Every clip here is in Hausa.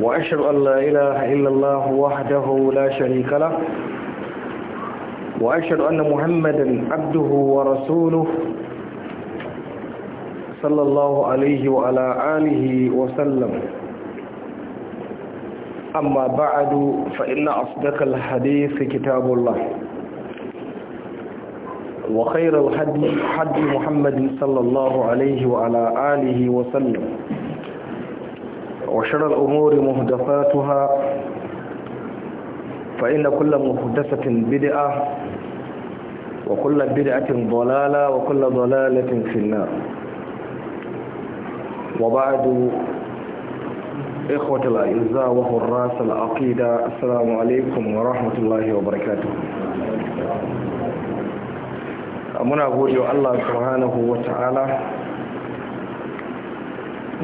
وأشهد أن لا إله إلا الله وحده لا شريك له وأشهد أن محمدا عبده ورسوله صلى الله عليه وعلى آله وسلم أما بعد فإن أصدق الحديث كتاب الله وخير الحدي حدي محمد صلى الله عليه وعلى آله وسلم وشر الأمور مهدفاتها فإن كل مهدفة بدعة وكل بدعة ضلالة وكل ضلالة في النار وبعد إخوة الأعزاء وحراس العقيدة السلام عليكم ورحمة الله وبركاته أمنا أقول الله سبحانه وتعالى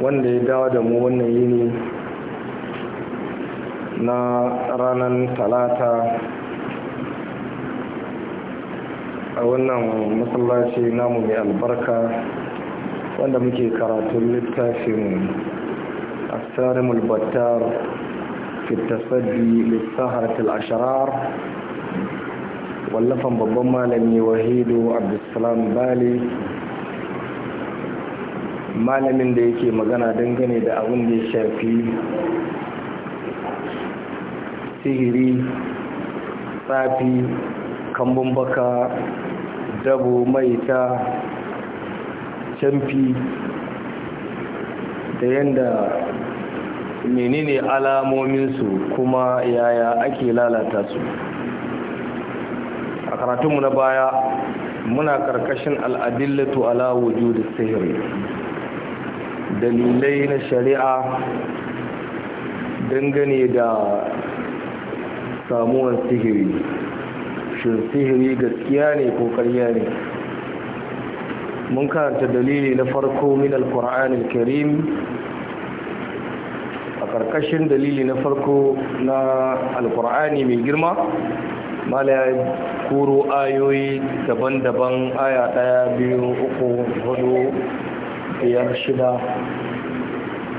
wanda ya dawo da mu wannan yini na ranar talata a wannan masallaci namu mai albarka wanda muke karatun littafin asarim albattar fitasaddi lissaharatul ashirar wallafan babban malami wahidu abdulsalam bali malamin da yake magana dangane da abin da ya shafi sihiri tsafi kambun baka dabo maita camfi da yadda menene alamominsu kuma yaya ake lalata su a karatunmu na baya muna karkashin al'adillatu ala wujudu sihiri dalilai na shari'a dangane da samuwar sihiri shin sihiri gaskiya ne ko karya ne mun karanta dalili na farko min alkur'an karim a karkashin dalili na farko na alkur'ani mai girma mala ya ayoyi daban-daban aya ɗaya biyu uku hudu biyar shida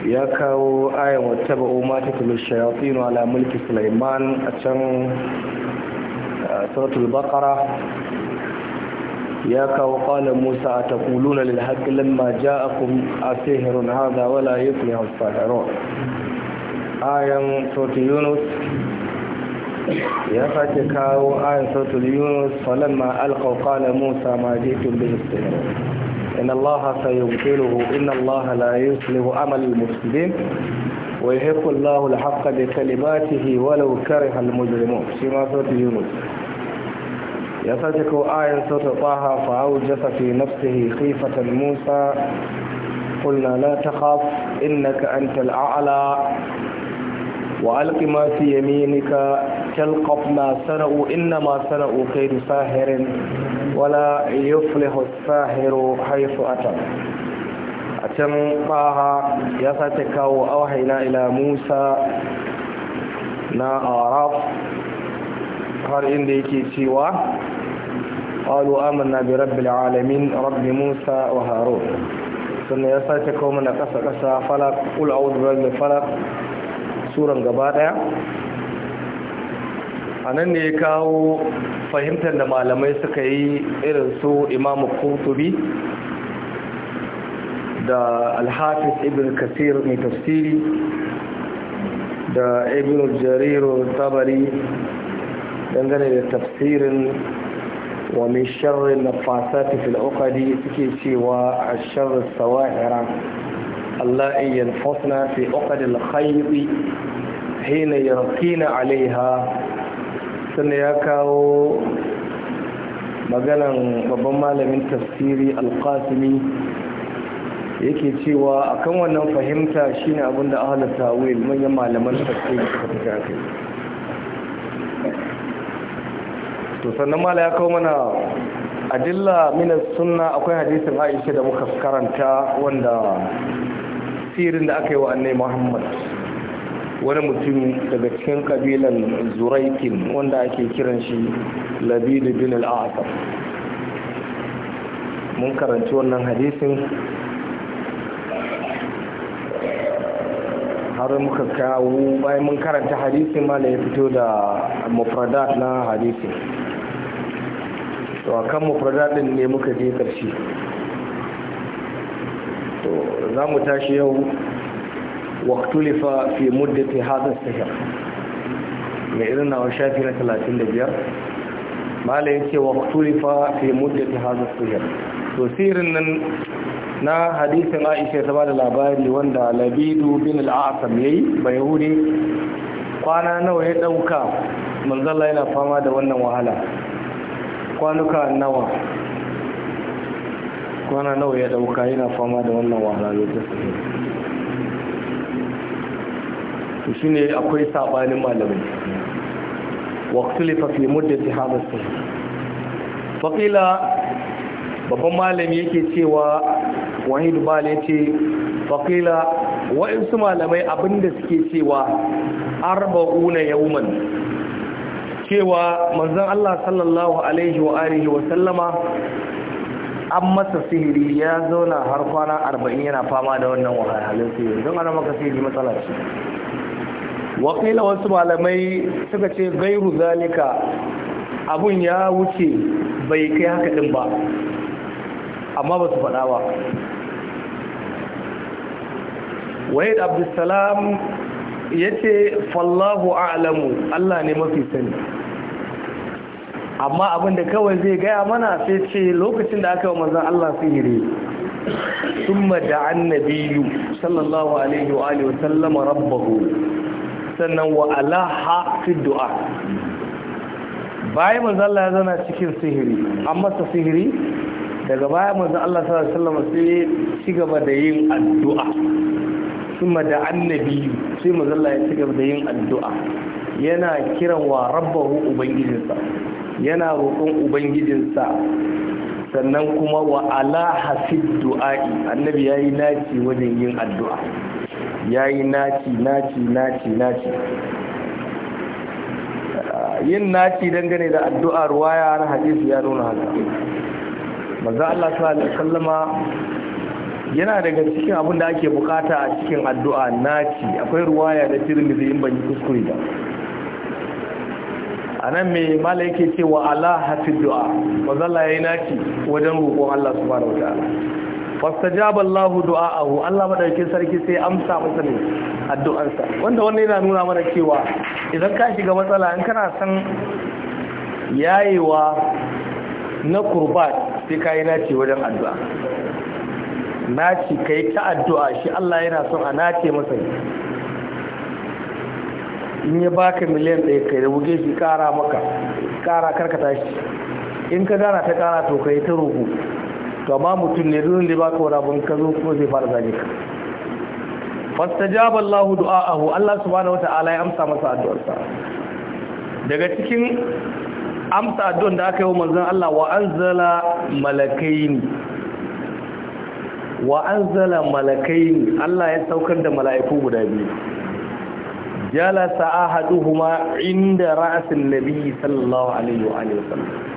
ya kawo ayan wata ba umar ta tulu shayatinu ala mulki sulaiman a can suratul baqara ya kawo qala musa a ataquluna lil haqqi lamma a asihrun haza, wala yuflihu as-sahirun ayan suratul yunus ya sake kawo ayan suratul yunus falamma alqaw qala musa ma ji'tum bihi as إن الله سيبطله إن الله لا يصلح عمل المسلمين ويحق الله الحق بكلماته ولو كره المجرمون سيما سورة يونس يصدق آية سورة طه فأوجس في نفسه خيفة موسى قلنا لا تخاف إنك أنت الأعلى وألق ما في يمينك تلقف ما صنعوا إنما صنعوا كيد ساحر ولا يفلح الساحر حيث أتى أتم طه يفتك وأوحينا إلى موسى na araf har inda yake cewa qalu amanna bi rabbil alamin rabbi musa wa harun sannan ya sace kawo mana kasa kasa falak qul a'udhu falak suran gaba ɗaya anan ne ya kawo fahimtar da malamai suka yi irin su imamu kurtubi da Alhafis ibn kasir mai tafsiri da ibn jariru tabari dangane da tafsirin wa min sharrin nafasati fil uqadi suke cewa a sharrin sawahira Allah in yanfasna fi uqadi khayri hina yarqina alaiha Sani ya kawo maganan babban malamin tafsiri alkasimi yake cewa akan wannan fahimta shine abinda ahlul tawil manyan malaman tafsiri suka fi kai to sannan mala ya kawo mana adilla mina sunna akwai hadisin Aisha da muka karanta wanda sirin da aka yi wa annai Muhammad wani mutum daga cikin kabilan zuraikin wanda ake kiran shi labidu bin al'asar mun karanci wannan hadisin har muka kawo bayan mun karanta hadisin ma ya fito da mafradat na hadisin to a kan mafradat ne muka je karshe to za mu tashi yau واختلف في مدة هذا na لإذن وشافنا ثلاثين دبير ما ليس واختلف في مدة هذا السحر تسير أن na hadisin Aisha ta bada labari wanda Labidu bin al-Asam yayi bayahudi kwana nawa ya dauka manzalla yana fama da wannan wahala kwanuka nawa kwana nawa ya dauka yana fama da wannan wahala lokacin to shine akwai sabanin malamai waqtulifa fi muddati hadha sahih babban malami yake cewa wani bal yace faqila waɗansu malamai abinda suke cewa arba'una yawman cewa manzon Allah sallallahu alaihi wa wa sallama an masa sihiri ya zauna har kwana arba'in yana fama da wannan wahalhalun sihiri don ana maka sihiri matsala wakila wasu malamai suka ce gairu zalika abun ya wuce bai kai haka din ba amma ba su faɗa ba wahid abdulsalam ya ce fallahu a'lamu allah ne mafi sani amma abinda kawai zai gaya mana sai ce lokacin da aka yi manzan allah sihiri sun da annabiyu sallallahu alaihi wa sallama rabbahu sannan wa alaha fi du'a bayan manzo Allah ya zana cikin sihiri an masa sihiri daga baya manzo Allah sallallahu alaihi wasallam sai ci da yin addu'a kuma da annabi sai manzo Allah ya ci da yin addu'a yana kiran wa rabbahu ubangijinsa yana roƙon ubangijinsa sannan kuma wa ala fi du'a'i annabi yayi naci wajen yin addu'a ya yi naci naci naci naci yin naci dangane da addu'a ruwaya na hadisi ya nuna haka maza Allah sallallahu sallama yana daga cikin abin da ake bukata a cikin addu'a naci akwai ruwaya da tirmidhi in ban yi kuskure ba a nan mai mala yake cewa ala hafi du'a maza Allah ya yi naci wajen roƙon Allah subhanahu wa fastajaba Allah du'a'ahu Allah madaukin sarki sai amsa masa ne addu'arsa wanda wannan yana nuna mana cewa idan ka shiga matsala in kana san yayewa na kurbat sai ka yi nace wajen addu'a nace kai ta addu'a shi Allah yana son a nace masa in ya baka miliyan ɗaya kai da buge shi kara maka kara karkata shi in ka gana ta kara to kai ta rubu to amma mutum ne duk da baka wani abun ka zo kuma zai fara zage ka fastajaba Allahu du'aahu Allah subhanahu wata'ala ya amsa masa addu'arsa daga cikin amsa addu'ar da aka yi wa manzon Allah wa anzala malakaini wa anzala malakaini Allah ya saukar da mala'iku guda biyu jalasa ahaduhuma inda ra'asin nabi sallallahu alaihi wa alihi wasallam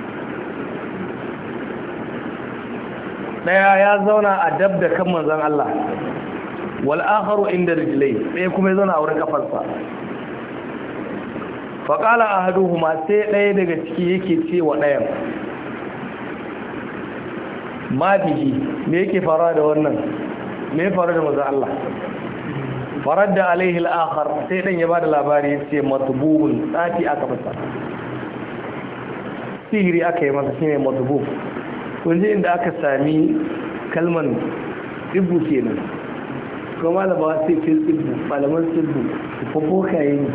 daya ya zauna a dab da kan manzan Allah wal akharu inda rijlai sai kuma ya zauna a wurin kafarsa fa qala ahaduhuma sai daya daga ciki yake cewa dayan ma bihi me yake fara da wannan me faru da manzon Allah farar da alaihi akhar sai dan ya bada da labari ya ce matububun tsafi aka fasa. sihiri aka yi masa shine matubub kunji inda aka sami kalman tsibbu kenan kuma malama sai ce tsibbu malaman tsibbu ko bokaye ne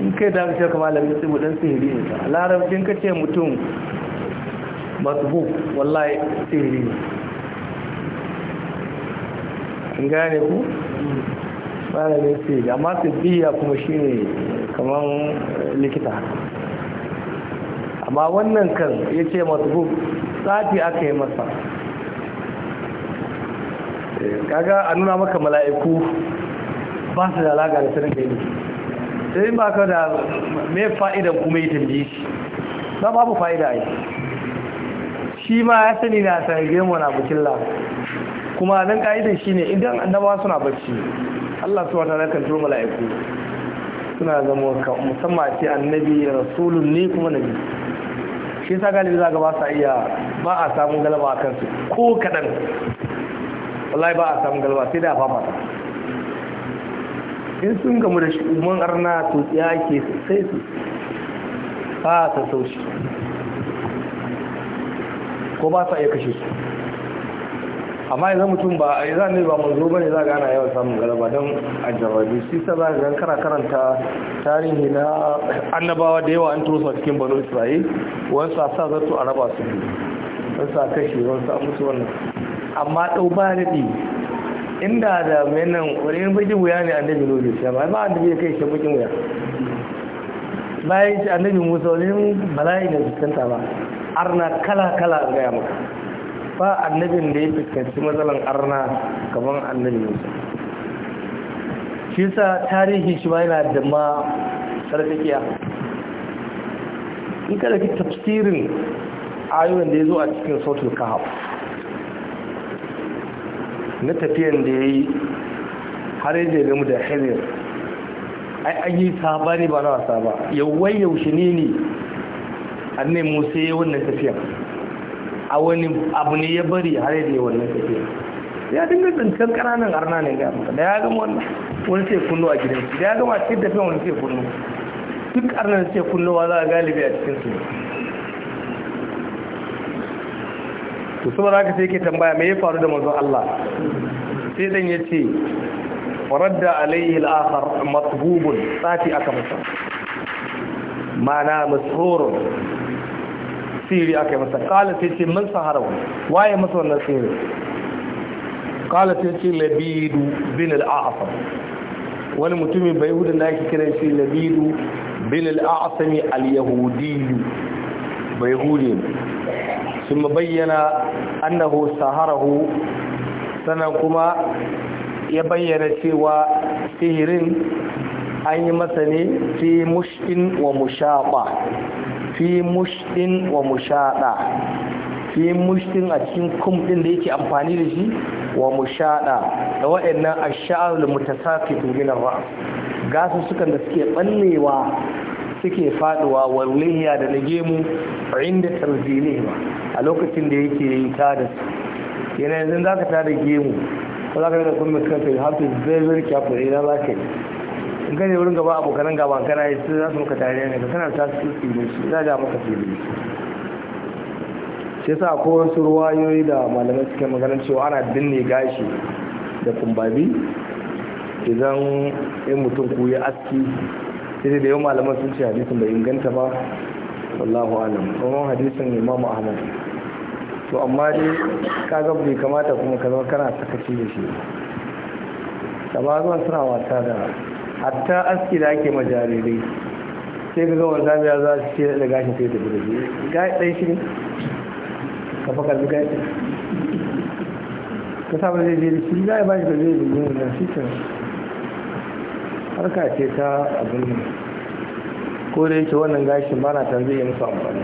in kai da aka kuma ka malamin tsibbu dan sihiri ne a larabcin ka ce mutum bu wallahi sihiri ne in gane ku malamin sihiri amma biya kuma shi ne kamar likita amma wannan kan ya ce masu sati aka yi masa eh, kaga a nuna maka mala'iku ba su da alaƙa da sanin yi, sai ba ka da mai fa'idan kuma yi tambi shi ba babu fa'ida yi shi ma ya sani na sanin gaibi na bukin la, kuma nan ka'idan shi ne idan annaba suna bacci Allah su wata kan turu mala'iku suna zama musamman ce annabi rasulun ne kuma nabi shi sa galibi za ga ba sa iya ba a samun galaba a kansu ko kaɗan wallahi ba a samun galaba sai da ta. in sun gamu da shugaban arna to ya ke sai su ba ta sauci ko ba sa iya kashe su amma yanzu mutum ba a yi ne ba zo ba ne za gana yawan samun galaba don a jawabi shi ta za a kana karanta tarihi na annabawa da yawa an a cikin banu isra'il wani a sa zartu a raba su wasu a kashe wasu musu wannan amma ɗau ba daɗi inda da mai nan wani yin bakin wuya ne annabi lobe shi amma ba annabi ya kai shi bakin wuya bayan shi annabi musa wani yin bala'i da fuskanta ba arna kala kala a gaya maka ba annabin da ya fuskanci matsalan arna kamar annabi musa shi sa tarihi shi ba yana da ma sarkakiya in kada ki tafsirin ayoyin da ya zo a cikin sautul kahab na tafiyan da ya yi har yi ya gamu da hezir ai an yi sabani ba na wasa ba yawai yaushe ne ne ne musa ya wannan tafiyan a wani abu ne ya bari har da ya wannan tafiyan ya dinga zancen kananan arna ne da ya gama wannan wani sai kunno a gidansu da ya gama cikin tafiyan wani sai kunno duk arnan sai wa za a galibi a cikinsu to su ba za ka sai ke tambaya me ya faru da manzon Allah sai dan ya ce faradda alaihi al'akhar matbubun tsafi aka masa mana masrurun siri aka yi masa kala sai ce man sahara waye masa wannan siri kala sai ce labidu bin al'afar wani mutumin bai hudu da yake kiran shi labidu bin al'asami al Al'yahudiyu bai hudu sun bayyana annahu saharahu sannan kuma ya bayyana cewa sihirin an yi masa ne fi mushin wa mushaɓa fi mushin wa mushaɗa fi mushin a cikin kumɗin da yake amfani da shi wa mushaɗa da waɗannan a sha'ar da mutasa ke tunginar ba gasu sukan da suke ɓannewa suke faduwa walliya da nage mu inda tarzini a lokacin da yake yi ta da su yana yanzu za ka ta da gemu ko za ka daga kuma kanka you have to very very careful idan eh, za ka yi in ka wurin gaba abokanan gaba kana yi su za su maka tare ne ka kana ta su tsibin su za da maka tsibin su shi yasa ko wasu ruwayoyi da malamai suke maganar cewa ana binne gashi da kumbabi idan in mutum ku yi aski sai da yau malaman sun ce hadisin bai inganta ba wallahu alam kuma hadisin imamu ahmad to amma dai kaga bai kamata kuma ka zama kana sakaci da shi zuwan suna wata da hatta aski da ake majarirai sai ga gawan zamiya za su ce da gashi sai da bude gashi shi ne ka kalli gashi ka saba zai je da shi za a ba shi da zai da shi kenan harka ce ta abin nan ko da yake wannan gashin ba na tan zai yi musu amfani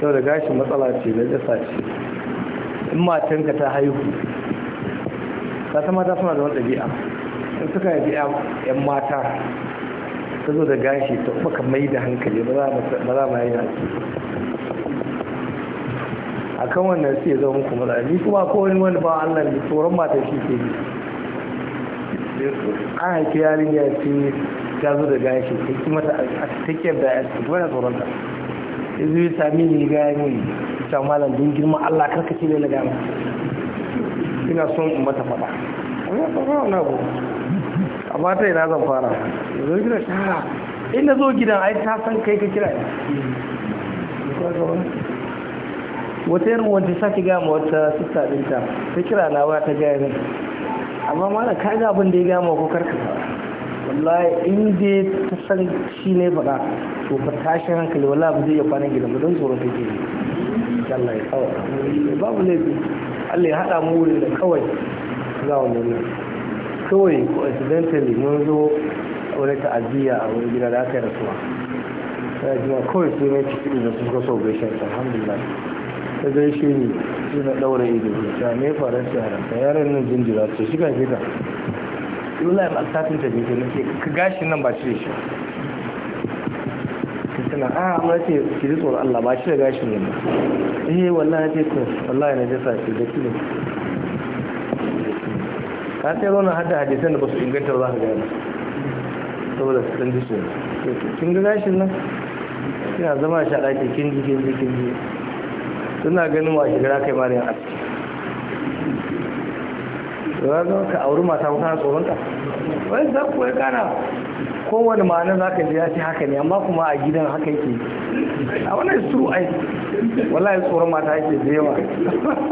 sau da gashin matsala ce da jasa ce in matanka ta haihu ka ta mata suna da wanda biya in suka biya 'yan mata ta zo da gashi ta ka mai da hankali ba za ma yi hankali a kan wannan sai zama muku matsala ni kuma ko wani wani ba allah ne tsoron mata shi ke yi an haifi yarinya ce ta zo da gashi ta ki mata a take da ya ce wani tsoron ta ya zo ya sami ni ga ya mun ta malam don girma Allah karka ce na gama ina son in mata faɗa A ta fara na go amma ta ina zan fara ya zo gida ta in na zo gidan ai ta san kai ka kira wata yarmu wanda sake gama wata sista ɗinta ta kira na waya ta gaya min amma mana ka ga abin da ya gama ko karka wallahi in dai ta san shi ne faɗa to ka tashin hankali wallahi ba zai iya kwanan gidan don tsoron take ne Allah ya kawo babu laifi Allah ya haɗa mu wurin da kawai za mu nuna kawai ko accidentally mun zo wani ta'aziyya a wani gida da aka yi rasuwa kawai sai mai cikin da suka so gaishe alhamdulillah ta gaishe ni suna ɗaura ido ta ne faran yaran ta yaran nan jinjira ce shiga shiga yola ya alsatin ta ne kenan ke ka gashi nan ba shi cire shi ta tana a ah, amma ce ki ji tsoron Allah ba shi cire gashin ne ba eh wallahi ce ko wallahi na jasa ce da kilo ka sai rona hada hadisan da ba su inganta ba za ka gane saboda su san jishin kin ga gashin nan kina zama shi a ɗakin kin ji kin ji suna ganin wa shigara kai mariyan aski ya zama ka auri mata na tsoronta wani za ku ya kana kowane ma'ana za ka ji ya ce haka ne amma kuma a gidan haka yake a wani su ai ya tsoron mata yake zai yawa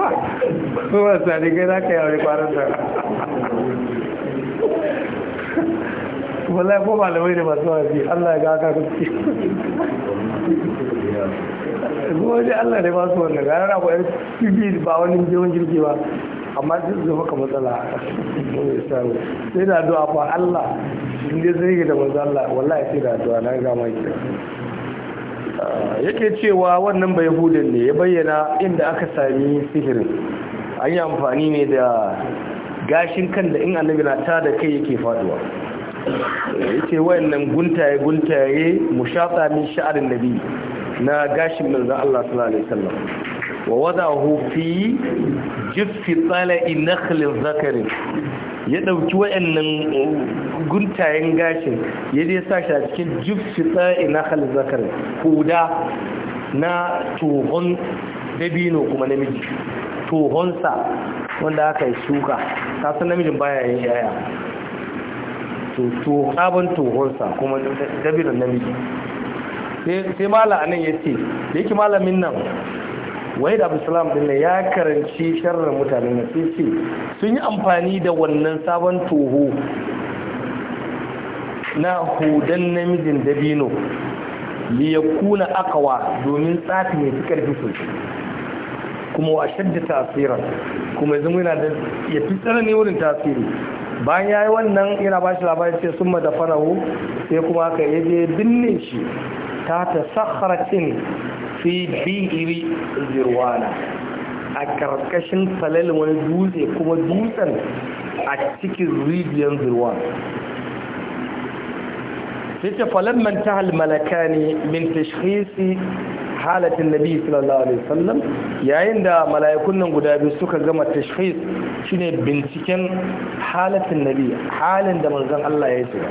kuma ne kai za ka yi aure kwanan wallahi ko malamai da masu wazi Allah ya gaka kuski zuwa dai Allah da masu wannan gara na ko yar tv ba wani jirgin jirgi ba amma duk zama ka matsala sai da addu'a fa Allah inda zai da manzo Allah wallahi sai da addu'a na ga mai yake cewa wannan bai hudun ne ya bayyana inda aka sami sihirin an yi amfani ne da gashin kan da in annabi na ta da kai yake faduwa yace wayannan guntaye guntaye mushata min sha'arin nabi na gashin manzo Allah sallallahu alaihi wasallam wa wadahu fi jiffi tala'i nakhl zakari ya dauki wayannan guntayen gashin ya je sa shi a cikin jiffi tala'i nakhl zakari huda na tuhon dabino kuma namiji tuhonsa wanda aka yi shuka kasan namijin baya yin yaya to sabon tohonsa kuma dabinan namiji sai mala a nan ya ce da yake malamin nan wai abu salam din ya karanci sharrar mutane na sai ce sun yi amfani da wannan sabon toho na hudan namijin dabino ya kuna akawa domin tsafi mai fi karfi sosai kuma wa shadda tasirin kuma yanzu yana da ya fi tsanani wurin tasiri bayan ya yi wannan yana ba shi labarin sai sun ma dafanahu sai kuma aka yi je binne shi ta ta sakharatin fi bi'iri zirwana a karkashin falalin wani dutse kuma dutsen a cikin rijiyar zirwana sai ta falon ta halmalaka ne min tashkisi halatin nabi sallallahu alaihi wasallam yayin da mala'ikun nan guda biyu suka gama tashkhis shine binciken halatin nabi halin da manzon Allah ya shiga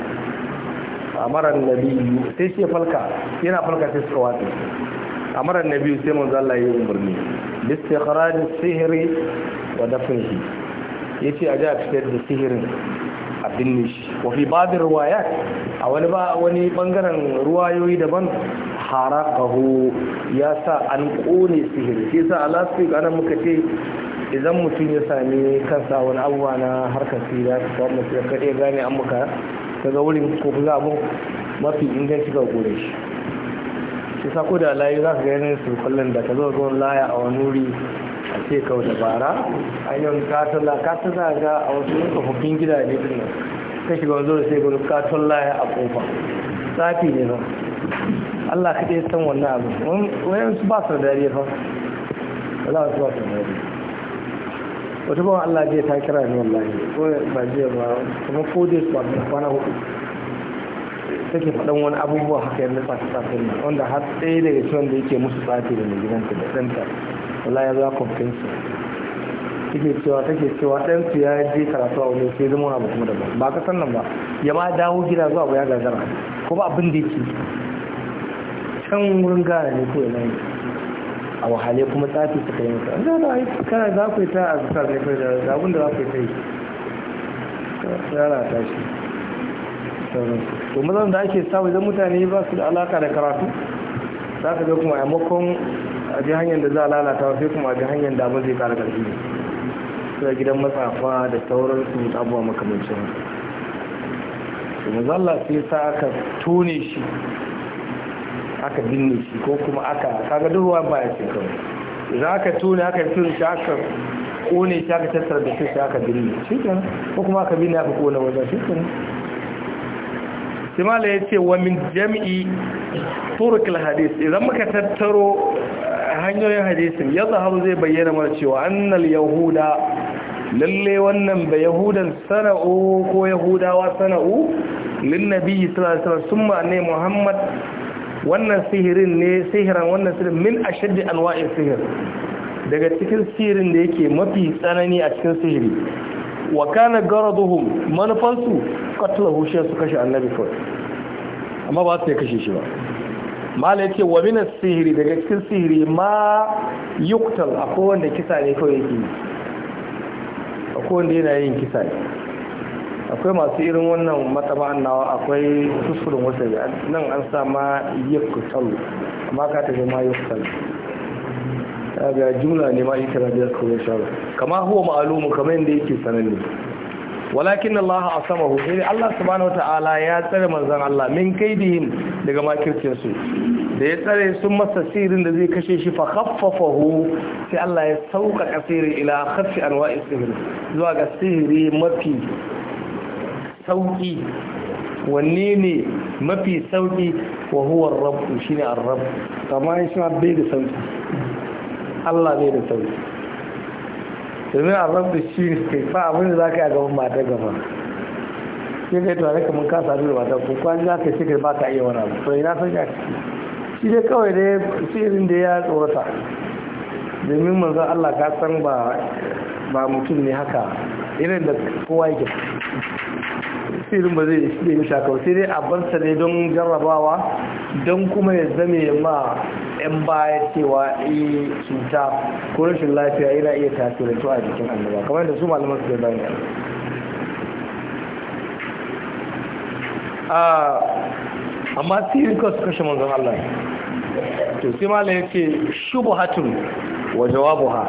amara nabi sai shi falka yana falka sai suka wato amara nabi sai manzon Allah ya umarni bistikhraj sihiri wa dafnihi yace a ga fitar da sihirin a binne shi wa fi babin ruwayat a wani ba wani bangaren ruwayoyi daban harakahu ya sa an kone sihiri shi sa a last ana muka ce idan mutum ya sami kansa wani abubuwa na harkar sihiri ka kawo mutum ya kaɗe gane an muka daga wurin ko kuma abin mafi inganci ga gore shi shi sa ko da layu za ka ga yanayin surkullin da ka zo zuwan laya a wani wuri a ce kawo dabara a yau katala a ga a wasu tsofaffin gidaje din nan ka shiga wanzu da sai gudu katon laya a kofa tsafi ne ba Allah ka ya san wannan abu wayan su ba su da dariya fa Allah su ba su da dariya wata bawan Allah jiya ta kira ni wallahi ko ba je ba kuma ko dai su ba kwana hudu take fadan wani abubuwa haka yadda ta tsafin nan wanda har ɗaya daga cikin da yake musu tsafi da mai gidanta da danta wala ya za kwamfinsu take cewa take cewa dan su ya je karatu a wani sai zama wani abu kuma daban ba ka san nan ba ya ma dawo gida zuwa ba ya gagara ko ba abin da yake can wurin gara ne ko yanayi a wahale kuma tsafi suka yi mutu za da aiki kana za ku yi ta a zuwa ne kai da abin da za ku yi ta yi tsara ta shi to mazan da ake samu idan mutane ba su da alaka da karatu za ka ga kuma a makon a ji hanyar da za a lalata wa sai kuma a ji hanyar da abin zai kara karfi ne da gidan matsafa da sauransu da abubuwa makamancin su mazalla sai sa aka tone shi aka binne shi ko kuma aka kaga duhuwa ba ya cikin za ka tuni aka tuni shi aka kone shi aka tattara da shi aka binne shi kenan ko kuma aka binne aka kone wajen shi kenan simala ya ce wa min jami'i turkul hadis idan muka tattaro hanyoyin hadisin ya zaharu zai bayyana mana cewa annal yahuda lalle wannan ba yahudan sana'u ko yahudawa sana'u linnabi sallallahu alaihi wasallam summa ne muhammad wannan sihirin ne sihiran wannan sihirin min ashaddi anwa'in sihir daga cikin sihirin da yake mafi tsanani a cikin sihiri wa kana garaduhum manufansu qatluhu shi su kashe annabi fa amma ba su kashe shi ba mala yake wa min sihiri daga cikin sihiri ma yuqtal akwai wanda kisa ne kawai yake akwai wanda yana yin kisa ne akwai masu irin wannan matsaba nawa akwai kuskuren wasu nan an sa ma yakutalu amma ka tafi ma Ya ga jumla ne ma ita da biyar kawai shara kama huwa ma'alumu kamar yadda yake sananne walakin Allah a sama hukumi Allah subhanahu ta'ala ya tsare manzan Allah min kaidihim daga makircinsu da ya tsare sun masa sirrin da zai kashe shi fa hu sai Allah ya sauka kasirin ila khaffi anwa'is sihir zuwa ga sihiri mafi sauki wanne ne mafi sauki wa huwa rabu shi ne an rabu kama yi shi bai da sauki Allah bai da sauki domin an rabu shi ne kai fa abin da zaka yi a gaban mata gaba sai kai tare kamar ka sadu da mata ko kwan za ka shekar ba ka iya wani abu to ina san ya shi ne kawai dai irin da ya tsorata domin manzan Allah ka san ba ba mutum ne haka irin da kowa yake tafsirin ba zai iske mishi haka sai dai a barsa ne don jarrabawa don kuma ya zame ma yan baya cewa yi eh, cuta ko rashin lafiya yana iya to a jikin annaba kamar da su malaman su da yana ah, amma tsirin rika su kashe manzon Allah to sai malam yake shubuhatun wa ha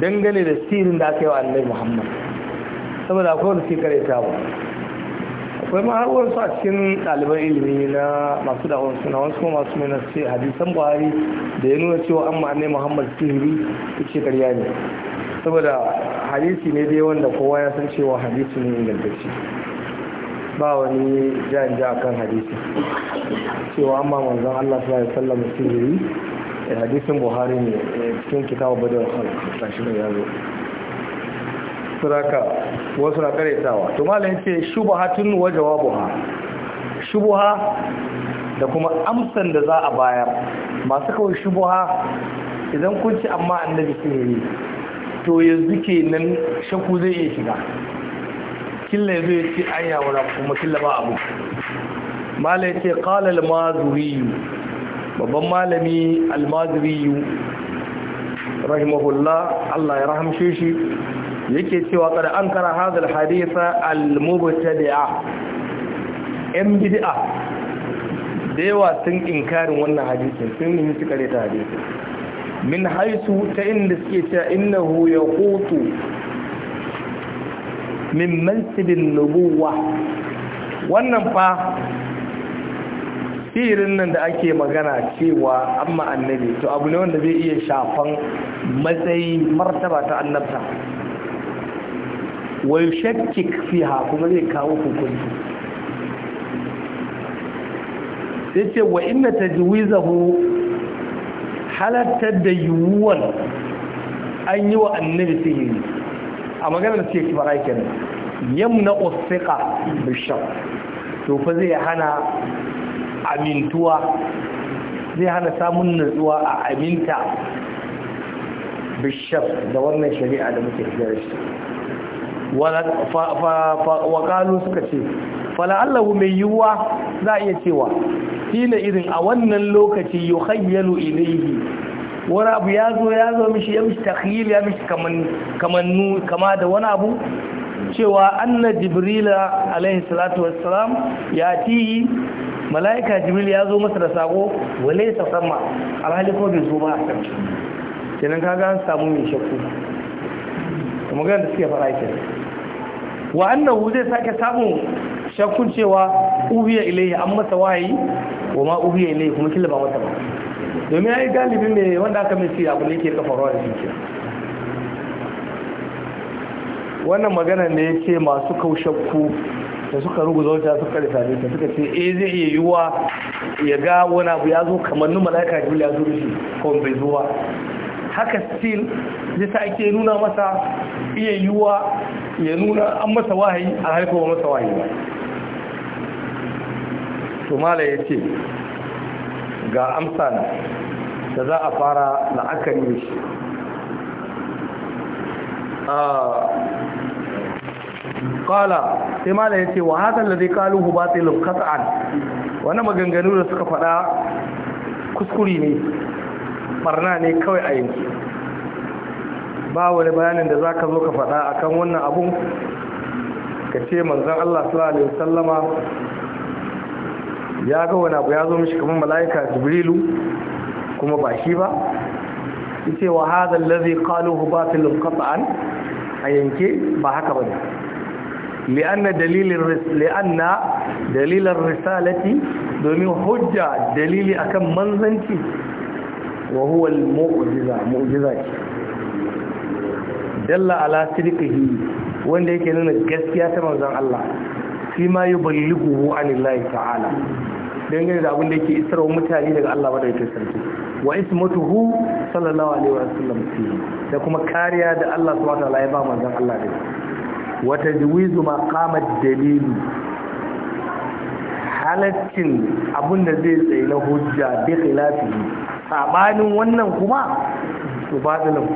dangane da tsirin da aka yi wa annabi Muhammad saboda akwai wani suke kare ta ba akwai ma su a cikin ɗaliban ilimi na masu da'awar suna wasu kuma masu mai ce hadisan buhari da ya nuna cewa an ma'ane muhammad sihiri ta ce karya ne saboda hadisi ne dai wanda kowa ya san cewa hadisi ne ingantacce ba wani jan ja kan hadisi cewa amma manzon Allah su ya sallama sihiri eh, hadisin buhari ne eh, cikin kitabu badar khalq tashi yazo wasu na karetawa to malin ce shubahatun wa jawabuha shubuha da kuma amsan da za a bayar masu kawai shubuha idan kun ci amma annabi sihiri to yanzu nan shakku zai iya shiga killa yazo ya ce an abu kuma killa ba abu malin ce kala mazuri babban malami al rahimahullah Allah ya rahamshe shi yake cewa kar an kara hadal haditha al-mubtadi'a yan bid'a da yawa sun inkarin wannan hadisin sun yi shi kare ta hadisi min haisu ta inda suke cewa innahu yaqutu min mansibin nubuwa wannan fa sihirin nan da ake magana cewa amma annabi to abu ne wanda zai iya shafan matsayi martaba ta annabta wa yushakkik fiha kuma zai kawo hukunci sai ce wa inna tajwizahu halattar da yiwuwan an yi wa annabi sihiri a maganar ce fara kenan yamna usiqa bishar to fa zai hana amintuwa zai hana samun nutsuwa a aminta bishar da wannan shari'a da muke da shi Waƙalu suka ce fala'allahu mai yiwuwa za a iya cewa hina irin a wannan lokaci yau hayyalu ilaihi wani abu ya zo ya zo mishi ya mishi takhil ya mishi kamannu kama da wani abu cewa anna jibrila alaihi salatu wassalam ya tiyi mala'ika jibril ya zo masa da sako wale ta sama alhali ko bai zo ba a sarki kenan kaga an samu mai shakku kuma ga da suke fara kenan wa annahu zai sake samun shakkun cewa uhiya ilayhi an masa wayi wa ma uhiya ilayhi kuma killa ba masa ba domin ai galibin ne wanda aka mai abu ne ke kafa ruwa da shi wannan magana ne ya ce masu kaushakku da suka rugu zauta suka da sami suka ce eh zai iya yiwuwa ya ga wani abu ya zo kamar nu malaika jibril ya zo shi kawai bai zo ba haka still yasa ake nuna masa iya yiwuwa ya nuna an masa wahayi a haifowa masa wahayi ba tumala ya ce ga amsa na da za a fara la'akari da shi kala sai mala ya ce wa hakan da zai kalu hubatilun kata'an wani maganganu da suka fada kuskuri ne barna ne kawai a yanki ba wani bayanin da za ka zo ka faɗa a kan wannan abun ka ce manzan Allah sallallahu sallama ya ga wani abu ya zo mishi kamar mala'ika jibrilu kuma ba shi ba ce wa hadha allazi qaluhu filin qat'an a yanke ba haka ba li'anna dalilin na dalilin risalati domin hujja dalili akan manzanci wa huwa al-mu'jiza mu'jiza dalla ala sidqihi wanda yake nuna gaskiya ta manzon Allah fi ma yuballighu anillahi ta'ala dangane da abin da yake isar wa mutane daga Allah madaukakin sarki wa ismatuhu sallallahu alaihi wa sallam fi da kuma kariya da Allah subhanahu wa ta'ala ya ba manzon Allah da wa tajwizu ma qama dalil halaccin abin da zai tsaye na hujja bi khilafihi sabanin wannan kuma to batilin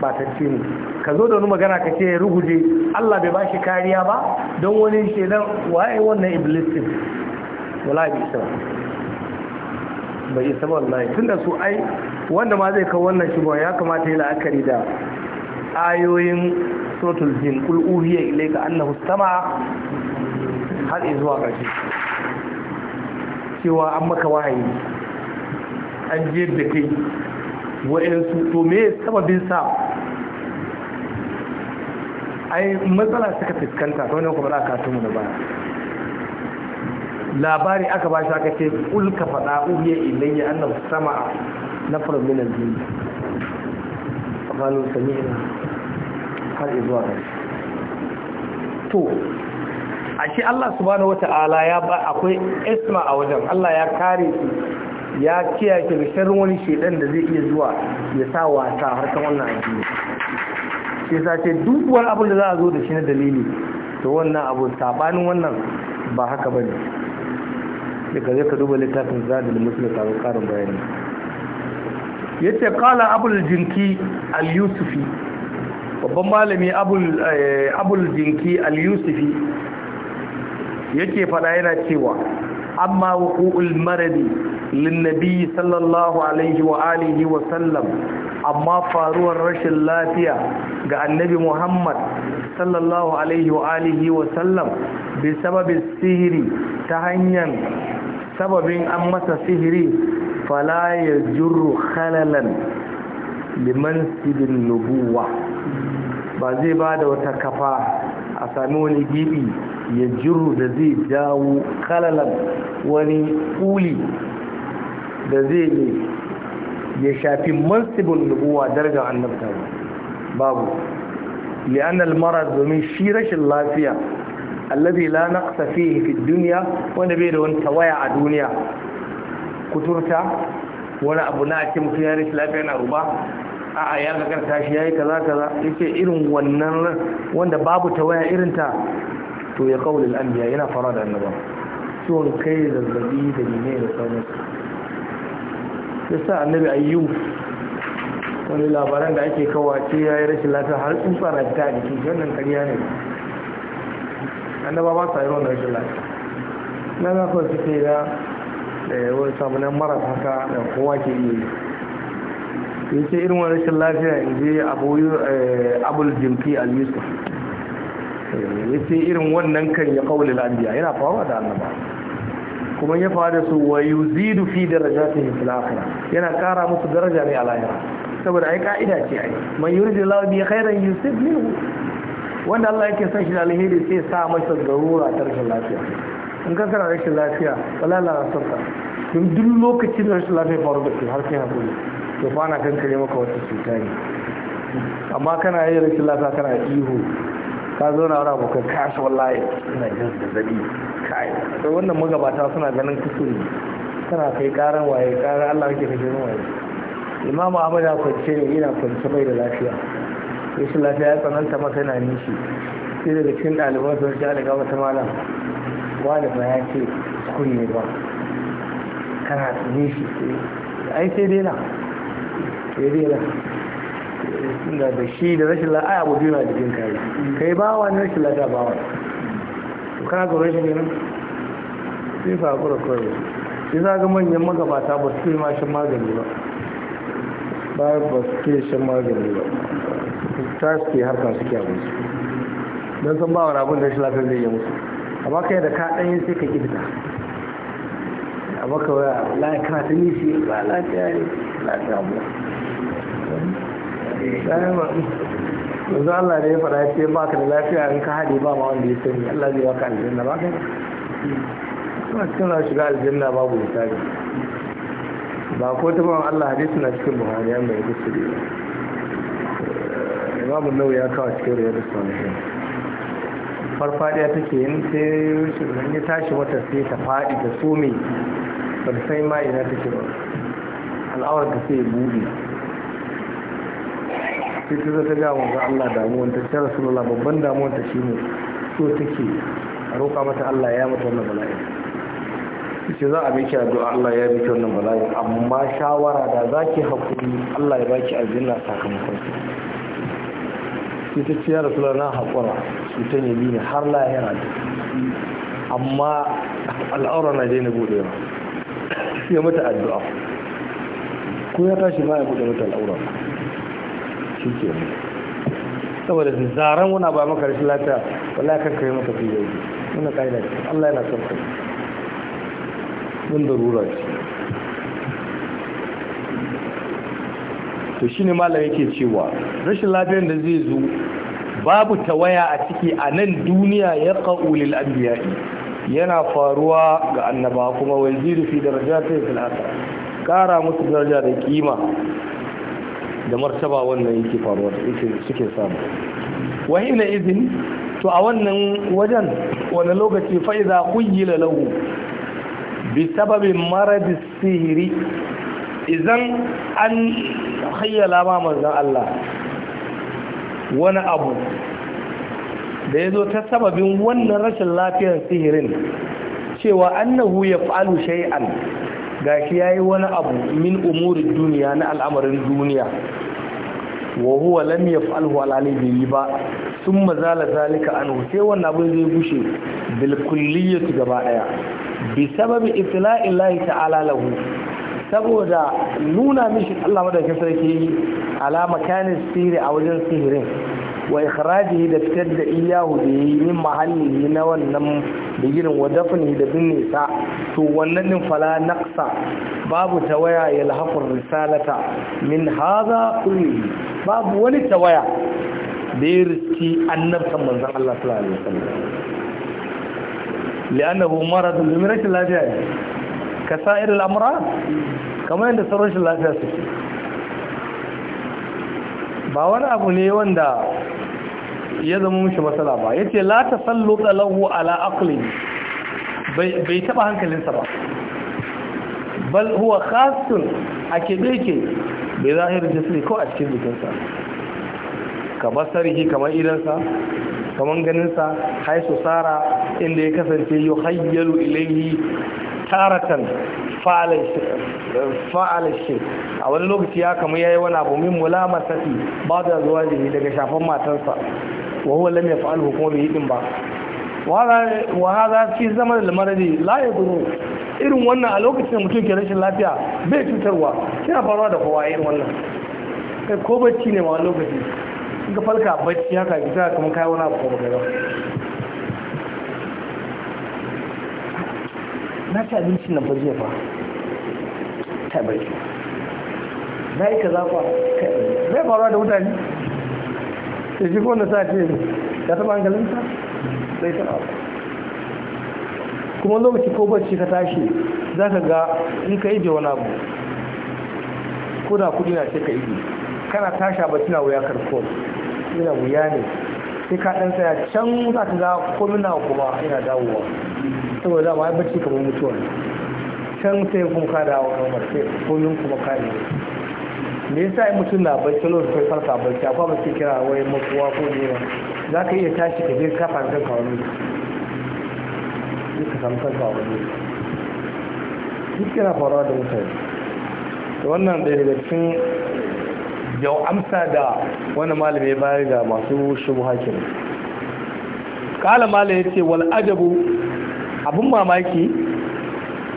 batacce ne ka zo da wani magana ka ce ya ruguje Allah bai bashi kariya ba don wani shedan waye wannan iblis din wallahi bai isa bai isa wallahi tunda su ai wanda ma zai kawo wannan shi ya kamata ya la'akari da ayoyin sotul jin qul ilai ilayka annahu sama har zuwa ƙarshe cewa an maka wahayi an jiyar da kai wa'yansu to me sababin sa ai matsala suka fiskanta ta wani kuma za a mu da ba labari aka ba shi aka ce ulka faɗa uriya ilayya annab sama na farminan jini sami ina har izuwa ga to a shi Allah subhanahu wata'ala ya ba akwai isma a wajen Allah ya kare su ya kiyaye ki ga wani shedan da zai iya zuwa ya sa wasa harkan wannan addini sai sa duk wani abin da za a zo da shi na dalili to wannan abu sabanin wannan ba haka bane sai ka zai ka duba littafin zadul muslim ta karin bayani yace qala abul jinki al-yusufi babban malami abul eh, jinki al-yusufi yake fada yana cewa amma wuqu'ul maradi linnabi sallallahu alaihi wa wa sallam amma faruwar rashin lafiya ga annabi muhammad sallallahu alaihi wa alihi wa sallam bi sababin sihiri ta hanyar sababin an masa sihiri fala ya juru halalan limansibin nubuwa ba zai ba da wata kafa a sami wani gibi ya jiru da zai jawo halalan wani kuli da zai ne ya shafi mansibin nubuwa darajar annabta babu li'annal mara domin shi rashin lafiya allabi la na fihi fi duniya wanda bai da wani tawaya a duniya kuturta wani abu na ake mutu ya rashin lafiya na ruba a'a ya ga karta shi yayi kaza kaza ce irin wannan wanda babu tawaya irin ta to ya lil'an biya yana fara da annaba ciwon kai zazzabi da ne da sauransu ya sa annabi ayyu wani labaran da ake kawace ya yi rashin lafiya har tsufa na fita da ke wannan karya ne annaba ba sa yi wannan rashin lafiya na za ku suke da wani samunan mara haka da kowa ke yi ya ce irin wani rashin lafiya in je eh, abul jimfi al-yusuf ya ce irin wannan kan ya kawo lalabiya yana fawa da annaba kuma ya faru da su wa yuzidu fi darajatihi fil akhirah yana kara musu daraja ne a lahira saboda ai ka'ida ce ai man lahu bi khairin yusib minhu wanda Allah yake son shi da alheri sai sa masa garura ta rashin lafiya in ka kana rashin lafiya wala la rasulka tun duk lokacin da rashin lafiya faru da kai har sai hakuri to fa na kankare maka wata cuta ne amma kana yin rashin lafiya kana ihu ka zauna wani abokan kashi wallahi suna jin zazzabi kai sai wannan magabata suna ganin kusuri kana kai karan waye karan allah kake kashe waye imamu ahmad ya kwance ne yana kwance bai da lafiya rashin lafiya ya tsananta masa yana nishi sai daga cikin ɗaliban sun sha daga wata malam wani ba ya ce ne ba kana nishi sai ai sai dai na sai dai na inda da shi da rashin la'a abu biyu na jikin kayi kai bawa ne rashin lafiya bawa to kana tsoron shi kenan sai fa hakura kawai sai za ga manyan magabata ba su yi ma shan magani ba ba ba su ke shan magani ba ta su ke harka suke abin su don san bawa abin da rashin lafiya zai yi musu amma kai da ka ɗanyen sai ka gifta a baka waya lafiya kana ta nishi ba lafiya ne lafiya mu yanzu Allah ne ya faɗa ya ce baka da lafiya in ka haɗe ba ma wanda ya sani Allah zai baka aljanna ba ka suna cikin za shiga aljanna babu misali ba ko ta ban Allah hadisi na cikin Buhari an bai gusu da Imam Nau ya kawo cikin riyar sanahin farfadiya take yin sai shirin ya tashi wata sai ta faɗi ta some ba ta sai ma ina take ba al'awar ta sai buɗe sai ta zata ga wanzu Allah damuwan ta ta rasulullah babban damuwan ta shine so take a roƙa mata Allah ya mata wannan bala'i ce za a miki addu'a Allah ya miki wannan bala'i amma shawara da zaki hakuri Allah ya baki aljanna sakamakon sai ta ce ya rasulullah na hakura ta nemi ne har lahira amma al'aura na daina buɗewa ya mata addu'a ko ya tashi ma ya buɗe mata al'aura shi ke saboda zaren wuna ba maka rashin lafiya wallahi kan kai maka fiye yau muna ƙa'ida ce Allah yana son kai mun rura ce to shine malam yake cewa rashin lafiyar da zai zo babu tawaya a ciki a nan duniya ya ƙa'ulil anbiya'i yana faruwa ga annaba kuma wanziru fi ta yi filata kara musu daraja da kima da martaba wannan yake faruwa suke samu wahina izin to a wannan wajen wani lokaci fa'iza kuyila lahu bi sababin maradis sihiri idan an hayyala ma manzan Allah wani abu da ya zo ta sababin wannan rashin lafiyar sihirin cewa annahu ya fa'alu shay'an gashi yayi wani abu min umurid duniya na al'amarin duniya wa huwa lam yaf'alhu ala bai ba thumma zala zalika anhu sai wannan abin zai gushe bil kulliyati gaba daya bi sababi itla'i llahi ta'ala lahu saboda nuna mishi Allah madaukakin sarki alama makanin sirri a wajen sihirin wa ikhrajihi da fitar da iyahu da yayi min mahallihi na wannan bigirin wa dafnihi da binne nisa to wannan din fala naqsa babu tawaya yalhaqu risalata min hadha kulli babu wani tawaya da ya riski annabtan manzon Allah sallallahu alaihi wasallam li'annahu maradun bi rashin lafiya ka al-amra kamar yadda sauran rashin lafiya suke ba wani abu ne wanda ya zama mushi matsala ba Ya yace la tasalluta lahu ala aqli bai taɓa hankalinsa ba bal huwa khassun a kebe ke bai zahirin jisri ko a cikin jikinsa kamar sarki kamar idansa kamar ganinsa haisu tsara inda ya kasance yi hayyalu ilaihi taratan fa'ala shi a wani lokaci ya kamu yayi wani abu min mulamasati ba da zuwa jini daga shafan matarsa wa huwa lam yaf'alhu kuma bai din ba wa hadha fi zaman al-maradi la yadru irin wannan a lokacin mutum ke rashin lafiya bai cutarwa kina faruwa da kowa irin wannan kai ko bacci ne ma a lokaci in ka farka bacci haka ka kuma kai wani abu ko baka na ci abincin na fa fa ta bai na yi kaza fa ya faruwa da mutane ta shi kowanne sa ce ya taba hankalinsa zai taɓa kuma lokaci ko bacci ka tashi za ka ga in ka ije wani abu ko da kudi na ce ka ije kana tashi a bacci na wuya karko yana wuya ne sai ka ɗan tsaya can za ka ga komina kuma yana dawowa saboda za ma bacci kamar mutuwa can sai kuma ka dawo kamar sai komin kuma ka ne me yasa in mutum na bacci lokacin kai farka barci akwai ba kira wai makuwa ko ne za ka iya tashi ka je kafa kanka wani duk ka samu kanka wani duk yana faruwa da mutane wannan ɗaya daga cikin yau amsa da wani malami ya bayar ga masu shubu hakin kala malami ya ce wal ajabu Abin mamaki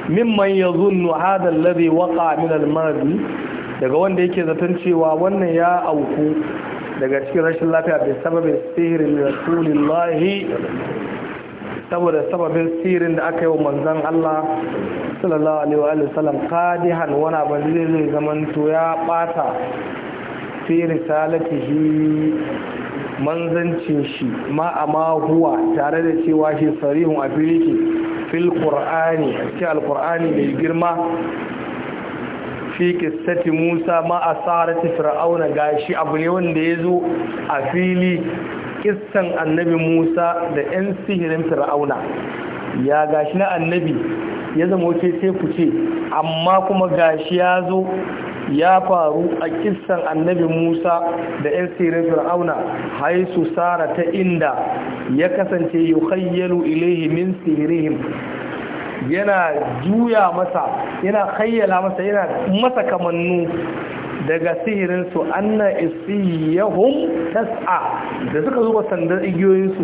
mimman ya zunnu hadal lade waka min al daga wanda yake zaton cewa wannan ya auku daga cikin rashin lafiya da sababin sihirin lahi saboda sababin sihirin da aka yi wa manzan Allah sallallahu alaihi wa sallam qadihan wani abin zai zai zamanto ya bata fi risalatihi manzancin shi ma amma huwa tare da cewa shi sarihun a filiki fil qur'ani a cikin alqur'ani mai girma fi kissati Musa ma a ta fir'auna Ga shi abu ne wanda ya zo a fili kissan annabi Musa da 'yan sihirin fir'auna ya gashi na annabi ya zama ce sai ku ce amma kuma gashi ya zo ya faru a kissan annabi Musa da ‘yan sirin Fir'auna haisu Sara ta inda ya kasance yukhayyalu ilaihi min sirihim yana juya masa yana hayyala masa yana masa kamannu daga sihirinsu anna yahun tas'a da suka zuba sandar igiyoyinsu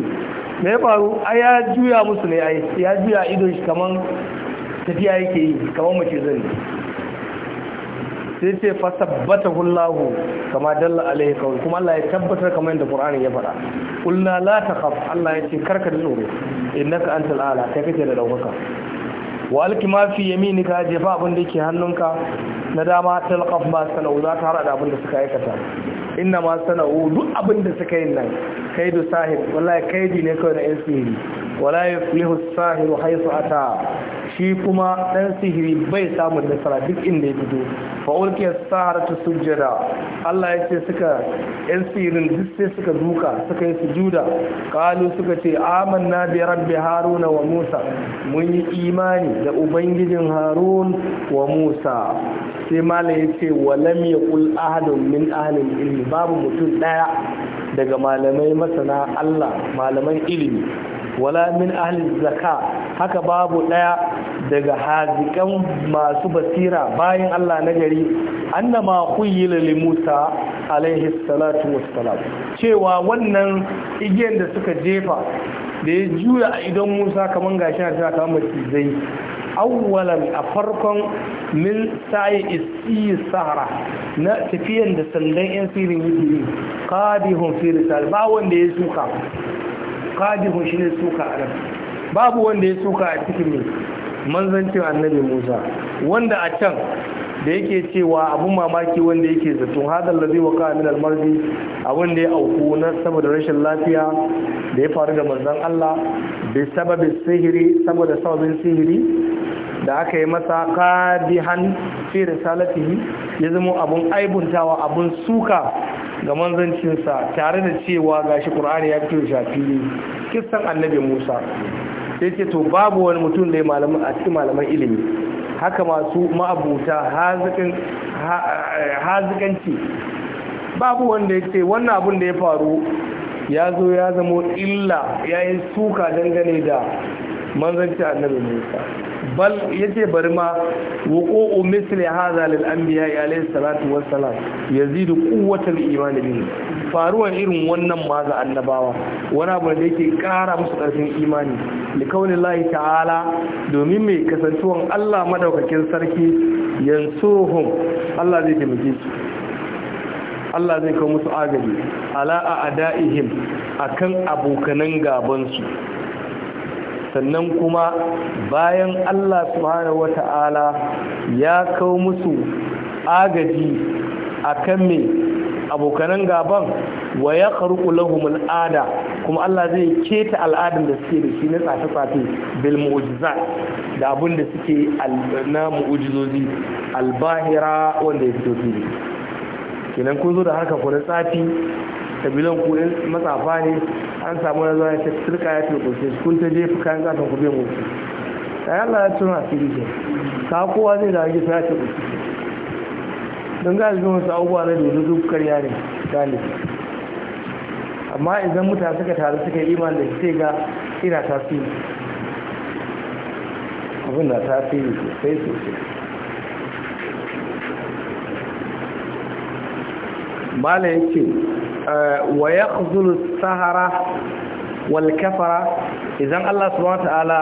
me ya faru a ya juya musu ne ai ya juya idon shi kaman tafiya yake yi kaman mace zane sai ce fa tabbata hullahu kama dalla alaihi kawai kuma Allah ya tabbatar kamar yadda Qur'ani ya faɗa qulna la takhaf Allah ya ce karka ji tsoro innaka antal ala kai kake da daukaka wa alki ma fi yaminika jefa abin da yake hannunka na dama talqaf ma sanau za ta harada abin da suka aikata inna ma sana'u duk abin da suka yi nan kaidu sahir wallahi kaidi ne kawai na yan sihiri wala yuflihu sahiru haythu ata shi kuma ɗan sihiri bai samu nasara duk inda ya fito fa'ulkiyar ta sujjada Allah ya ce suka yan sihirin duk sai suka duka suka yi sujuda kalu suka ce amanna bi rabbi haruna wa musa mun yi imani da ubangijin harun wa musa sai malai ya ce walam yaqul ahadun min ahlil ilmi babu mutum ɗaya daga malamai masana Allah malaman ilimi wala min ahli zaka haka babu ɗaya daga hazikan masu basira bayan Allah na gari annama khuyyila li Musa alaihi salatu wassalam cewa wannan igiyar da suka jefa da ya juya a idan Musa kamar gashi na tana kamar macizai awwalan a farkon min sa'i isi sahara na tafiyan da sandan yan sirin hijiri. qadihun fi risal ba wanda ya suka qadihun shine suka a babu wanda ya suka a cikin manzancin annabi musa wanda a can da yake cewa abun mamaki wanda yake zaton hadar zai wa al almarzi abun da ya auku na saboda rashin lafiya da ya faru da manzan Allah bai sababi sihiri saboda sababin sihiri da aka yi masa kadihan fi risalatihi ya zama abun aibuntawa abun suka ga manzancinsa tare da cewa gashi qur'ani ya fito shafi kisan annabi Musa sai ce to babu wani mutum da ya a cikin malaman ilimi haka masu ma'abuta hazikanci babu wanda ya ce wannan abin da ya faru ya zo ya zamo illa ya yi suka dangane da manzanci annabi musa bal yace bari ma wuqu'u misli hadha lil anbiya alayhi salatu wassalam yazidu quwwatal iman bihi faruwan irin wannan ma ga annabawa wani abu da yake kara musu karfin imani li kaulillahi ta'ala domin mai kasantuwan Allah madaukakin sarki yansuhum Allah zai taimake su Allah zai kawo musu agaji ala a a'daihim akan abokanan gaban su sannan kuma bayan Allah subhanahu wata'ala ya kawo musu agaji a kan mai abokanan gaban wa ya kharuqu lahum ada. kuma Allah zai keta al'adun da suke da shi na tsafe-tsafe bil da abin da suke na mu'ujizozi albahira wanda ya fito fili kenan kun zo da harka ku na tsafi kabilan ku in matsafa ne an samu na zuwa ya sirka turka ya ce kusa kun ta jefa kayan kasan ku bin kusa ya Allah ya tuna cikin ke ka kowa zai da gisa ya ce kusa don a zuwa wasu abubuwa na dole duk karya ne gane amma idan mutane suka taru suka yi iman da sai ga ina tasiri abin na tasiri sosai sosai mala ya ce wa sahara wal idan Allah subhanahu ta'ala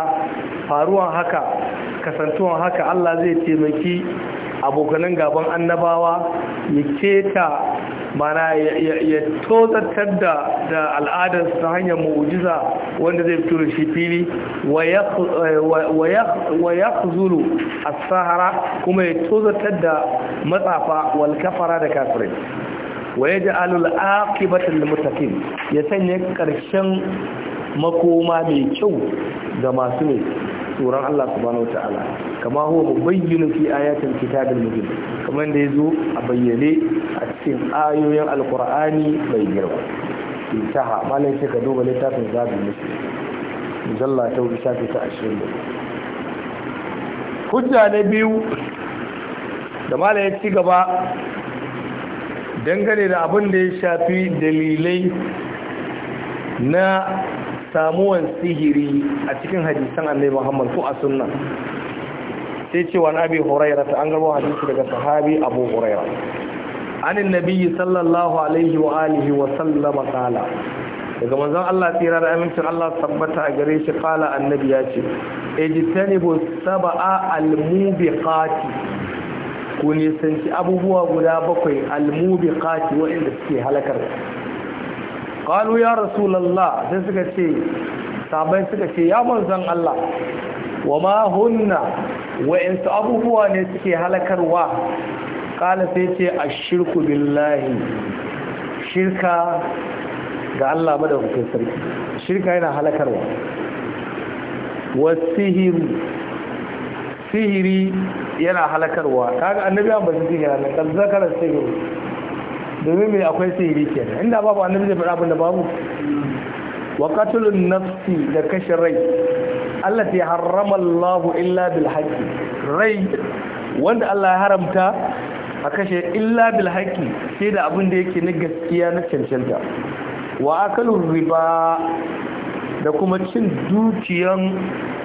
faruwan haka kasantuwan haka Allah zai taimaki abokanan gaban annabawa ya keta mana ya tozartar da da al'adar ta hanyar mu'ujiza wanda zai fito shi fili wa a sahara kuma ya tozartar da matsafa walkafara da kafirai wa ji al da ya sanya karshen makoma mai kyau da masu ne tsoron Allah subhanahu ta’ala kama huwa mubayyinun fi ayatun kitabin mubin kamar da ya zo a bayyane a cikin ayoyin alkur'ani mai girma intaha malam shi ka duba littafin zabi musu mujalla ta wuri shafi ta da hujja na biyu da malam ya ci gaba dangane da abin da ya shafi dalilai na samuwan sihiri a cikin hadisan annabi Muhammad ko a sunna sai cewa na abin huraira ta an garba hadisi daga sahabi abu huraira an nabi sallallahu alaihi wa alihi wa sallama kala. daga manzon Allah tsira da amincin Allah tabbata a gare shi kala annabi ya ce bu sab'a almubi kati. ku nisanci abubuwa guda bakwai almubi almubiqati waɗanda suke halakar qalu ya rasulullah sai suka ce sabai suka ce ya manzan Allah wa ma hunna waɗansu abubuwa ne suke halakarwa qala sai ce ashirku billahi shirka ga Allah madaukakin sarki shirka yana halakarwa wasihiru sihiri yana halakarwa kaga annabi an bashi sihiri na kan zakara sihiri domin me akwai sihiri kenan inda babu annabi zai faɗa abinda babu wa qatlun nafsi da kashe rai allati harrama Allahu illa bil haqqi rai wanda Allah ya haramta a kashe illa bil haqqi sai da abin da yake na gaskiya na cancanta wa akalu riba da kuma cin dukiyan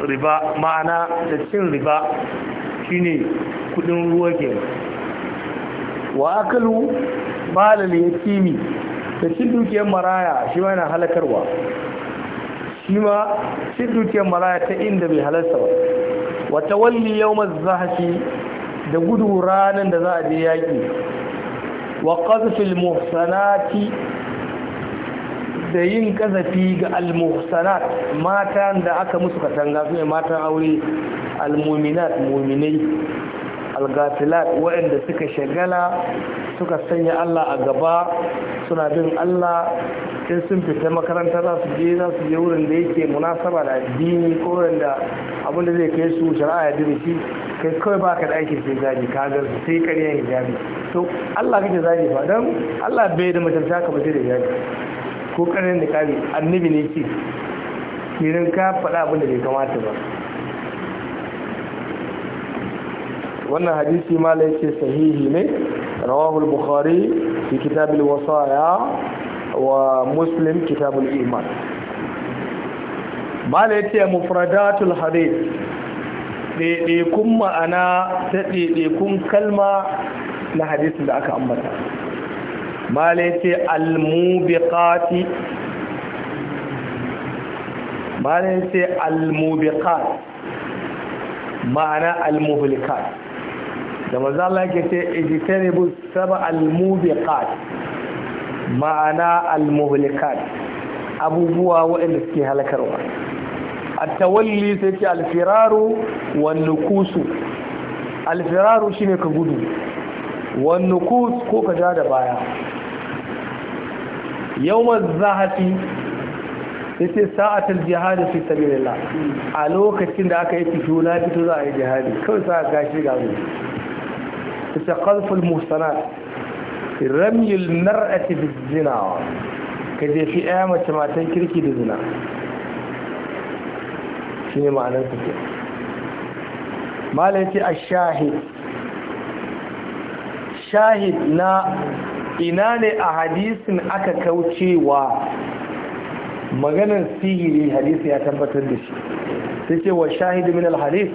riba ma'ana da cin riba shine kudin ruwa ke wa akalu malal yatimi da cin dukiyan maraya shi ma yana halakarwa shi ma cin dukiyan maraya ta inda bai halarsa ba wa tawalli yawmaz zahshi da gudu ranan da za a je yaki wa qadfil muhsanati da yin kazafi ga almuhsanat matan da aka musu katanga su ne matan aure almuminat muminai algafilat waɗanda suka shagala suka sanya Allah a gaba suna bin Allah sai sun fita makaranta za su je za su je wurin da yake munasaba da addini ko wanda abin da zai kai su shari'a ya dire shi kai kawai ba ka da aikin sai zaji ka ga sai ya hijabi to Allah kake zaji fa dan Allah bai da mutunta ka ba sai da hijabi ko ƙarin da kari annabi ne ce idan ka faɗa abin da bai kamata ba wannan hadisi ma la ce sahihi ne rawahul bukhari fi kitabul wasaya wa muslim kitabul iman ma la ce mufradatul hadith ɗaiɗaikun ma'ana ta ɗaiɗaikun kalma na hadisin da aka ambata malai ce almubiqati malai ce almubiqat ma'ana almuhlikat da manzo Allah yake ce ijtanibu sab'a almubiqat ma'ana almuhlikat abubuwa waɗanda suke halakarwa tawalli sai التولي سيكي الفرار والنكوس الفرار شنك قدو والنكوس كوكا da baya yawmaz zahati yace sa'atul jihad fi sabilillah a lokacin da aka yi fito na fito za a yi jihadi kawai sa gashi ga mu yace qazful muhsanat ramyul mar'ati bizina ka je fi ɗaya mace matan kirki da zina shi ne ma'anar ce. mala yace a shahid shahid na ina ne a hadisin aka kaucewa maganar sihiri hadisi ya tabbatar da shi sai ce wa shahidu min al-hadis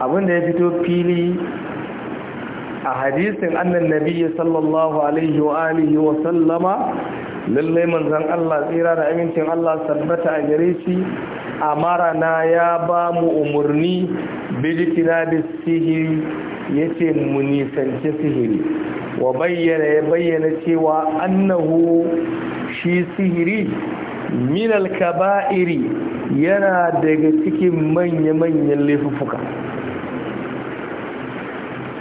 abinda ya fito fili a hadisin annan nabiyyi sallallahu alaihi wa alihi wa sallama lallai manzon Allah tsira da amincin Allah sabbata a gare shi na ya ba mu umarni birkina da sihiri ya ce mu nisanci sihiri wa bayyana ya bayyana cewa annahu shi sihiri minal kaba'iri yana daga cikin manya-manyan laifuka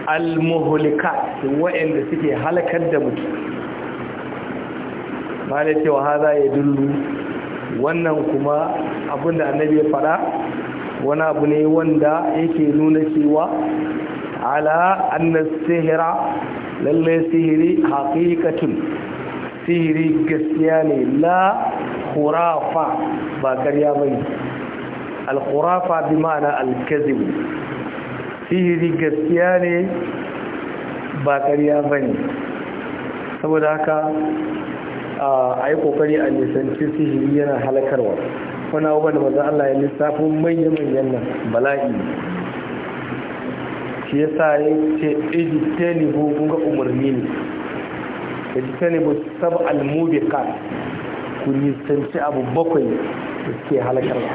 al-muhlikat wa'anda suke halakar da mutum ba da cewa haza ya dullu wannan kuma abin da annabi ya faɗa wani abu ne wanda yake nuna cewa ala annas sihira lallai sihiri haqiqatun sihiri gaskiya ne la khurafa ba ƙarya ne al khurafa bi ma'ana al kadhib sihiri gaskiya ne ba ƙarya bane saboda haka a yi kokari a nisanci sihiri yana halakarwa wani abubuwan da maza Allah ya lissafi manya-manyan nan bala'i shi ya sa ya ce ejitele bu kunga umarni ne bu sab almubika ku nisanci abu bakwai da suke halakarwa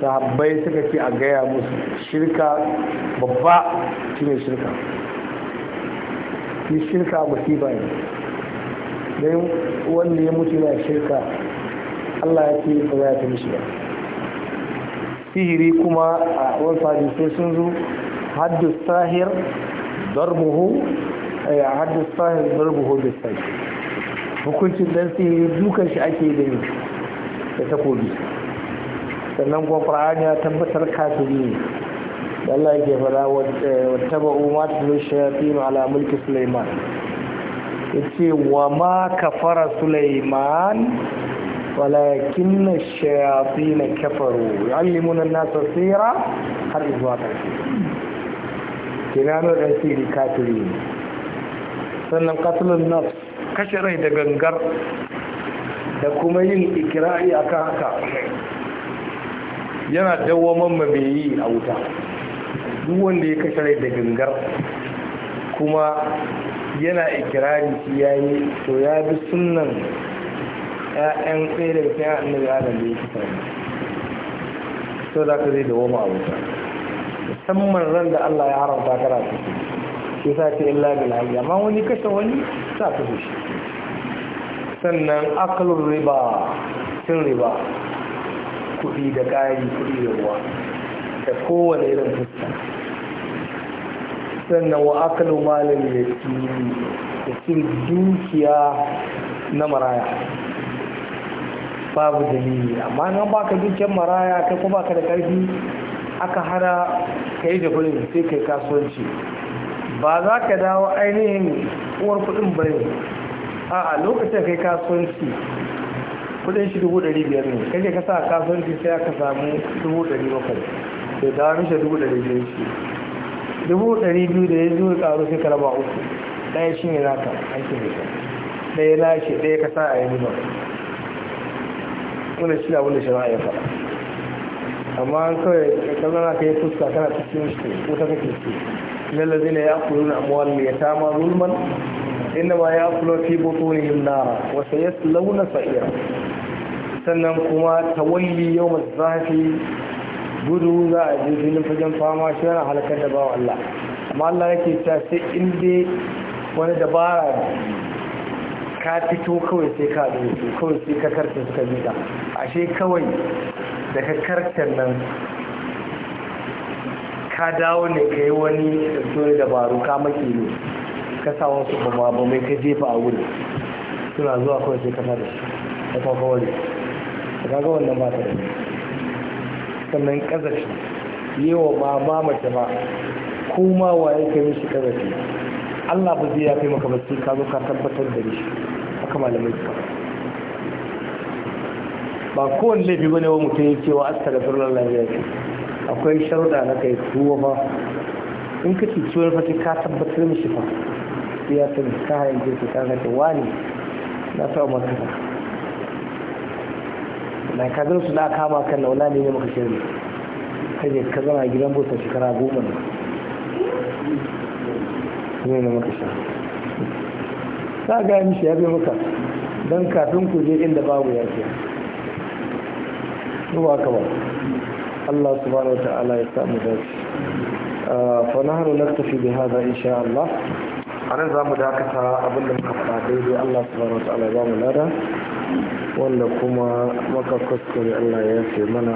sahabbai suka ce a gaya musu shirka babba shi ne shirka shi shirka musiba ne da wanda ya mutu na shirka Allah ya ce ba za ta mishi ba sihiri kuma a wasu hadisai sun zo haddu sahir darbuhu ya eh, haddu sahir darbuhu da sai hukuncin dan sihiri dukan shi ake da yi da takobi sannan kuma fara'ani ya tabbatar kafiri ne Allah ke fara wata eh, ba'u ma tulu shafi ala mulki Sulaiman yace wa ma kafara sulaiman walakin na shayatin kafaru yu'allimuna an-nasa tsira har zuwa ƙarshe kinano ɗan siri kafiri sannan katilin nafs kashe rai da gangar da kuma yin a kan haka yana mai yi a wuta duk wanda ya kashe rai da gangar kuma yana ikirari shi ya yi to ya bi sunan ‘ya'yan ɗaya ya a annabi adam da ya fi sami so za ka zai da a abuta musamman ran da Allah ya haramta kara su shi sa ce illa bil hayy amma wani kashe wani sa ka shi sannan akalun riba cin riba kuɗi da kari kuɗi da ruwa da kowane irin fuska sannan wa akalu malin yatim da dukiya na maraya babu dalili amma nan ka dukiyar maraya kai kuma ka da karfi aka hana ka yi jabirin sai kai kasuwanci ba za ka dawo ainihin uwar kudin bane a a lokacin kai kasuwanci kudin shi dubu ɗari biyar ne kai ka sa kasuwanci sai aka samu dubu ɗari bakwai da dawo mishi dubu ɗari biyar shi dubu ɗari biyu da ya zuwa ƙaru sai ka raba uku ɗaya shi ne naka aikin da ɗaya na shi ɗaya ka sa a yi riba wanda shi abin da shi ya faɗa amma an kawai ka zana ka yi fuska kana cikin shi ko ta kake su lalle zai na ya kulu na amuwar ya ta ma zulman inda ma ya kulu fi yin nara wasu ya launa sa'ira sannan kuma tawalli yau masu zafi gudu za a je filin fagen fama shi yana halakar da bawa Allah amma Allah yake ta sai in dai wani dabara ka fito kawai sai ka da su kawai sai ka karta suka mika ashe kawai da ka karta nan ka dawo ne ka yi wani tsoro dabaru ka maki ne ka sa wasu kuma ba mai ka jefa a wuri suna zuwa kawai sai ka sa da shi da kwakwa wani ka ga wannan ba ta da sannan kazafi yi wa ba mace ba kuma wa kai mishi kazafi Allah ba zai yafe maka ba ka zo ka tabbatar da shi haka malamai suka ba kowane laifi bane wa mutum ya ce wa astaghfirullah ya ce akwai sharuda na kai tuwa fa in ka ci ciwon fa ka tabbatar mishi fa ya san ka hayan ka ga ta wani na sa maka na ka gan su na kama kan na ne ne maka shirin kai ne ka zama gidan bota shekara goma ne ne ne maka shirin za gaya mishi ya bai maka don kafin ku je inda babu yafiya ruwa ka ba Allah subhanahu wa ta'ala ya samu dace ah, fa tafi naktafi bi hada insha Allah a nan za mu dakata abinda muka faɗa daidai Allah subhanahu wa ta'ala ya ba mu lada wanda kuma maka kuskure allah ya fi mana